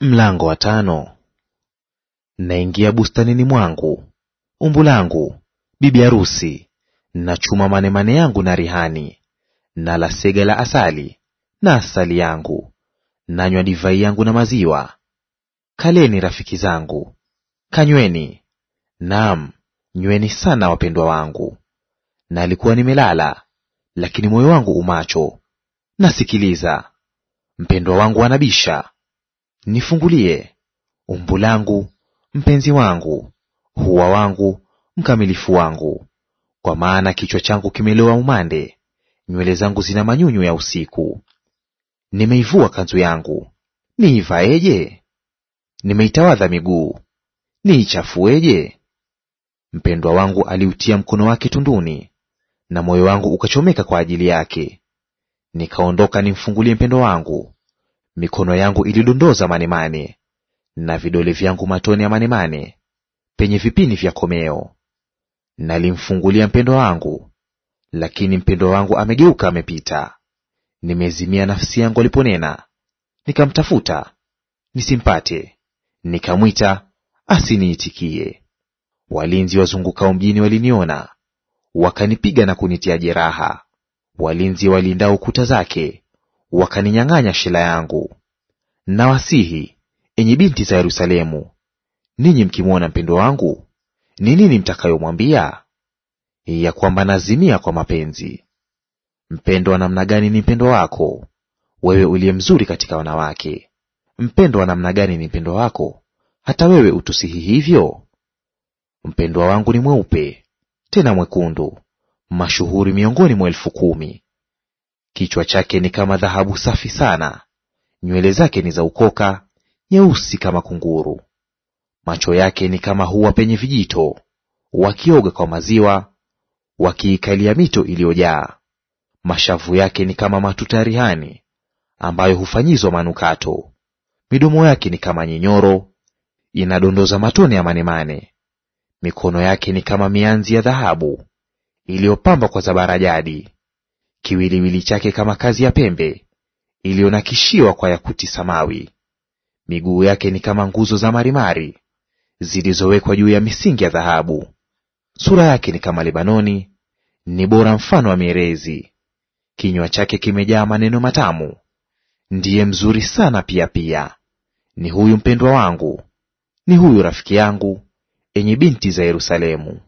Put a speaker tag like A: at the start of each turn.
A: Mlango wa tano. Naingia bustanini mwangu, umbu langu, bibi harusi, chuma manemane yangu na rihani, na la sega la asali na asali yangu, nanywa divai yangu na maziwa. Kaleni rafiki zangu, kanyweni, naam nyweni sana, wapendwa wangu. Nalikuwa nimelala, lakini moyo wangu umacho, nasikiliza; mpendwa wangu anabisha Nifungulie umbu langu, mpenzi wangu, huwa wangu, mkamilifu wangu, kwa maana kichwa changu kimelowa umande, nywele zangu zina manyunyu ya usiku. Nimeivua kanzu yangu, niivaeje? Nimeitawadha miguu, niichafueje? Mpendwa wangu aliutia mkono wake tunduni, na moyo wangu ukachomeka kwa ajili yake. Nikaondoka nimfungulie mpendwa wangu, Mikono yangu ilidondoza manemane, na vidole vyangu matone ya manemane penye vipini vya komeo. Nalimfungulia mpendwa wangu, lakini mpendwa wangu amegeuka, amepita. Nimezimia nafsi yangu aliponena. Nikamtafuta nisimpate, nikamwita asiniitikie. Walinzi wazungukao mjini waliniona, wakanipiga na kunitia jeraha. Walinzi walindao kuta zake wakaninyang'anya shela yangu. Nawasihi enyi binti za Yerusalemu, ninyi mkimwona mpendwa wangu, ni nini mtakayomwambia? Ya kwamba nazimia kwa mapenzi. Mpendwa namna gani ni mpendwa wako, wewe uliye mzuri katika wanawake? wa namna gani ni mpendwa wako, hata wewe utusihi hivyo? Mpendwa wangu ni mweupe tena mwekundu, mashuhuri miongoni mwa elfu kumi. Kichwa chake ni kama dhahabu safi sana, nywele zake ni za ukoka nyeusi kama kunguru. Macho yake ni kama huwa penye vijito, wakioga kwa maziwa, wakiikalia mito iliyojaa. Mashavu yake ni kama matuta rihani ambayo hufanyizwa manukato. Midomo yake ni kama nyinyoro inadondoza matone ya manemane. Mikono yake ni kama mianzi ya dhahabu iliyopamba kwa zabarajadi kiwiliwili chake kama kazi ya pembe iliyonakishiwa kwa yakuti samawi. Miguu yake ni kama nguzo za marimari zilizowekwa juu ya misingi ya dhahabu. Sura yake ni kama Lebanoni, ni bora mfano wa mierezi. Kinywa chake kimejaa maneno matamu, ndiye mzuri sana pia pia. Ni huyu mpendwa wangu, ni huyu rafiki yangu, enye binti za Yerusalemu.